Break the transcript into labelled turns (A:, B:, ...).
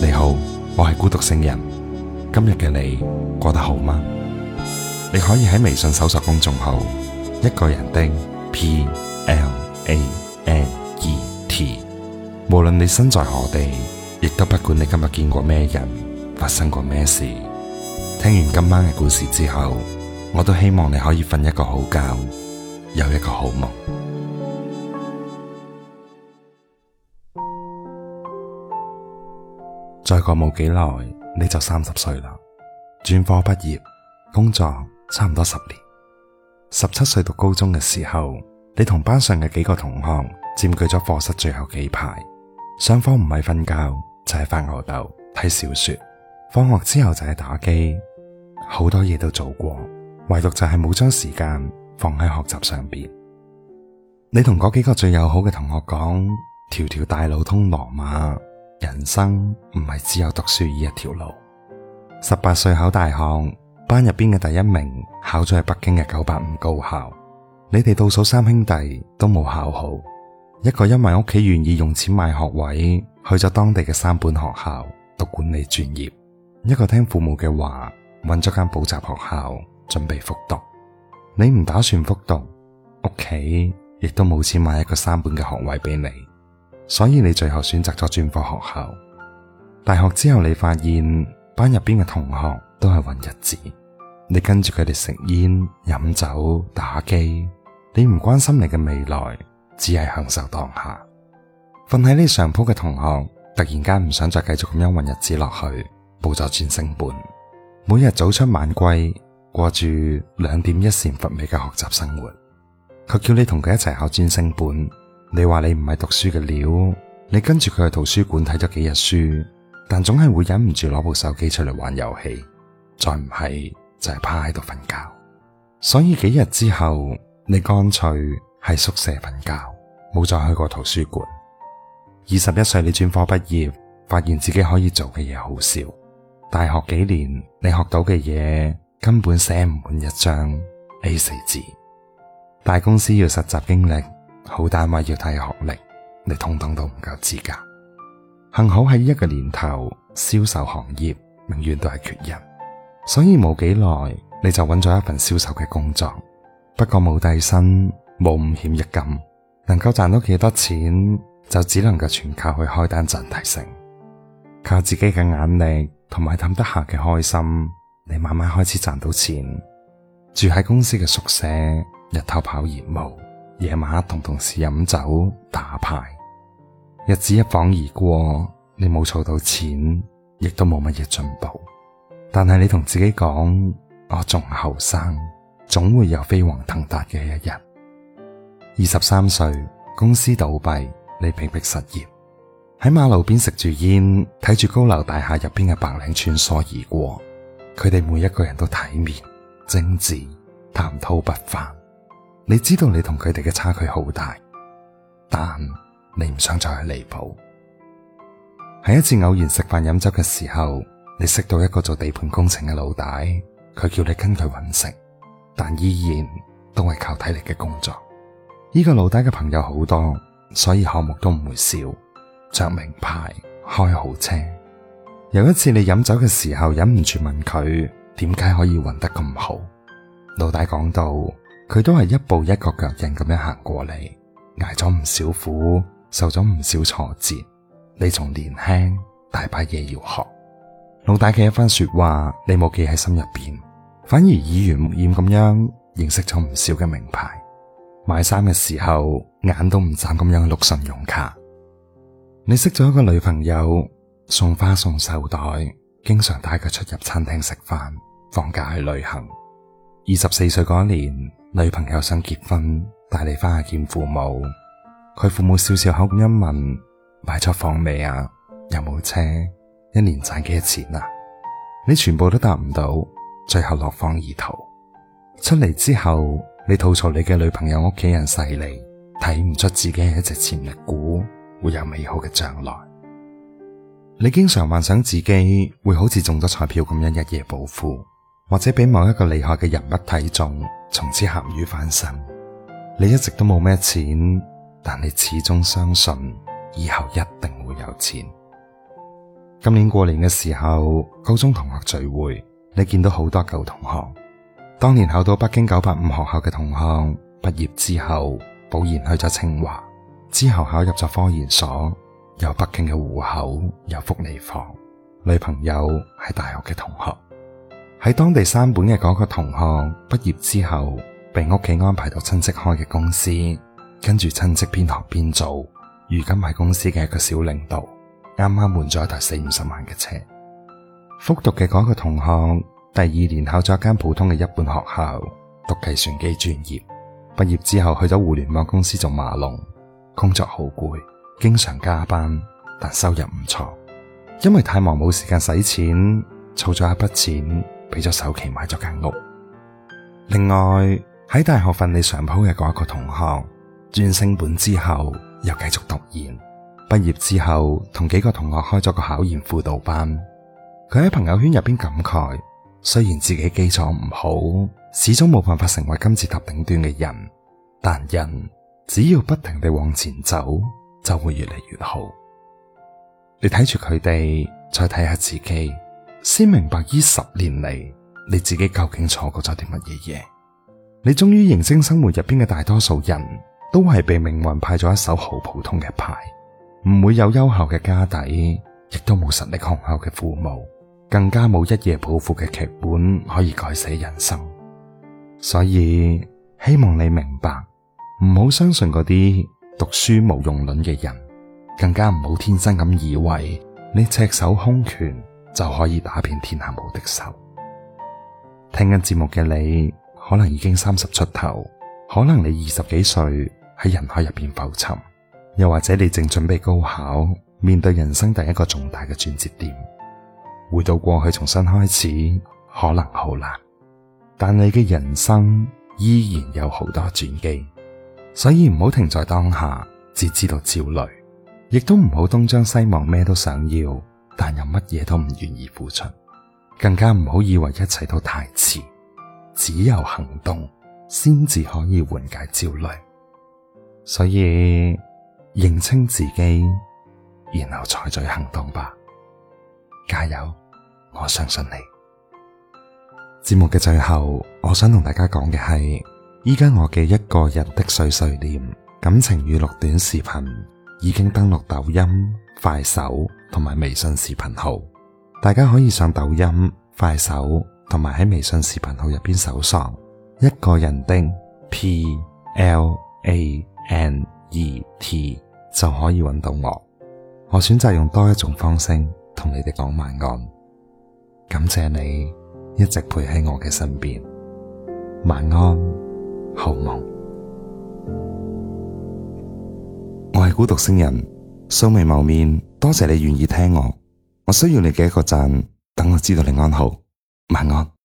A: 你好，我係孤獨星人。今日嘅你過得好嗎？你可以喺微信搜索公眾號一個人的 P L A N E T。無論你身在何地，亦都不管你今日見過咩人，發生過咩事。聽完今晚嘅故事之後，我都希望你可以瞓一個好覺，有一個好夢。再過冇幾耐，你就三十歲啦。專科畢業，工作差唔多十年。十七歲讀高中嘅時候，你同班上嘅幾個同學佔據咗課室最後幾排，上課唔係瞓覺就係發吽哣睇小說，放學之後就係打機，好多嘢都做過，唯獨就係冇將時間放喺學習上邊。你同嗰幾個最友好嘅同學講：條條大路通羅馬。人生唔係只有讀書呢一條路。十八歲考大學，班入邊嘅第一名考咗喺北京嘅九八五高校。你哋倒數三兄弟都冇考好，一個因為屋企願意用錢買學位，去咗當地嘅三本學校讀管理專業；一個聽父母嘅話，搵咗間補習學校準備復讀。你唔打算復讀，屋企亦都冇錢買一個三本嘅學位俾你。所以你最後選擇咗專科學校。大學之後你發現班入邊嘅同學都係混日子，你跟住佢哋食煙、飲酒、打機，你唔關心你嘅未來，只係享受當下。瞓喺呢上鋪嘅同學突然間唔想再繼續咁樣混日子落去，報咗專升本，每日早出晚歸，過住兩點一線乏味嘅學習生活，佢叫你同佢一齊考專升本。你話你唔係讀書嘅料，你跟住佢去圖書館睇咗幾日書，但總係會忍唔住攞部手機出嚟玩遊戲，再唔係就係、是、趴喺度瞓覺。所以幾日之後，你乾脆喺宿舍瞓覺，冇再去過圖書館。二十一歲你專科畢業，發現自己可以做嘅嘢好少。大學幾年你學到嘅嘢根本寫唔滿一張 A 四紙，大公司要實習經歷。好單位要睇學歷，你通通都唔夠資格。幸好喺一個年頭，銷售行業永遠都係缺人，所以冇幾耐你就搵咗一份銷售嘅工作。不過冇底薪，冇五險一金，能夠賺到幾多錢就只能夠全靠去開單賺提成，靠自己嘅眼力同埋氹得下嘅開心，你慢慢開始賺到錢，住喺公司嘅宿舍，日頭跑業務。夜晚同同事飲酒打牌，日子一晃而過，你冇儲到錢，亦都冇乜嘢進步。但係你同自己講：我仲後生，總會有飛黃騰達嘅一日。二十三歲，公司倒閉，你被迫失業，喺馬路邊食住煙，睇住高樓大廈入邊嘅白領穿梭而過，佢哋每一個人都體面、精緻、談吐不凡。你知道你同佢哋嘅差距好大，但你唔想再去離譜。喺一次偶然食飯飲酒嘅時候，你識到一個做地盤工程嘅老大，佢叫你跟佢揾食，但依然都係靠體力嘅工作。呢個老大嘅朋友好多，所以項目都唔會少，着名牌，開豪車。有一次你飲酒嘅時候，忍唔住問佢點解可以混得咁好，老大講到。佢都係一步一個腳印咁樣行過嚟，挨咗唔少苦，受咗唔少挫折。你仲年輕，大把嘢要學。老大嘅一番說話，你冇記喺心入邊，反而耳濡目染咁樣認識咗唔少嘅名牌。買衫嘅時候，眼都唔眨咁樣碌信用卡。你識咗一個女朋友，送花送手袋，經常帶佢出入餐廳食飯，放假去旅行。二十四歲嗰一年，女朋友想結婚，帶你翻去見父母。佢父母笑笑口咁樣問：買咗房未啊？有冇車？一年賺幾多錢啊？你全部都答唔到，最後落荒而逃。出嚟之後，你吐槽你嘅女朋友屋企人勢利，睇唔出自己係一隻潛力股，會有美好嘅將來。你經常幻想自己會好似中咗彩票咁樣一夜暴富。或者俾某一個厲害嘅人物睇中，從此鹹魚翻身。你一直都冇咩錢，但你始終相信以後一定會有錢。今年過年嘅時候，高中同學聚會，你見到好多舊同學。當年考到北京九八五學校嘅同學，畢業之後保研去咗清華，之後考入咗科研所，有北京嘅戶口，有福利房，女朋友係大學嘅同學。喺當地三本嘅嗰個同學畢業之後，被屋企安排到親戚開嘅公司，跟住親戚邊學邊做，如今係公司嘅一個小領導，啱啱換咗一台四五十萬嘅車。復讀嘅嗰個同學第二年考咗一間普通嘅一本學校，讀計算機專業，畢業之後去咗互聯網公司做碼農，工作好攰，經常加班，但收入唔錯。因為太忙冇時間使錢，儲咗一筆錢。俾咗首期買咗間屋。另外喺大學瞓喺上鋪嘅嗰一個同學，專升本之後又繼續讀研，畢業之後同幾個同學開咗個考研輔導班。佢喺朋友圈入邊感慨：雖然自己基礎唔好，始終冇辦法成為金字塔頂端嘅人，但人只要不停地往前走，就會越嚟越好。你睇住佢哋，再睇下自己。先明白，呢十年嚟你自己究竟錯過咗啲乜嘢嘢？你終於認清生活入邊嘅大多數人都係被命運派咗一手好普通嘅牌，唔會有優厚嘅家底，亦都冇實力雄厚嘅父母，更加冇一夜暴富嘅劇本可以改寫人生。所以希望你明白，唔好相信嗰啲讀書無用論嘅人，更加唔好天真咁以為你赤手空拳。就可以打遍天下無敵手。聽緊節目嘅你，可能已經三十出頭，可能你二十幾歲喺人海入邊浮沉，又或者你正準備高考，面對人生第一個重大嘅轉折點，回到過去重新開始，可能好難。但你嘅人生依然有好多轉機，所以唔好停在當下，只知道焦慮，亦都唔好東張西望，咩都想要。但又乜嘢都唔願意付出，更加唔好以為一切都太遲，只有行動先至可以緩解焦慮。所以認清自己，然後採取行動吧。加油，我相信你。節目嘅最後，我想同大家講嘅係，依家我嘅一個人的碎碎念感情語錄短視頻已經登錄抖音、快手。同埋微信視頻號，大家可以上抖音、快手，同埋喺微信視頻號入邊搜索一個人的 P L A N E T，就可以揾到我。我選擇用多一種方式同你哋講晚安。感謝你一直陪喺我嘅身邊，晚安，好夢。我係孤獨星人，素未謀面。多謝你願意聽我，我需要你嘅一個讚，等我知道你安好，晚安。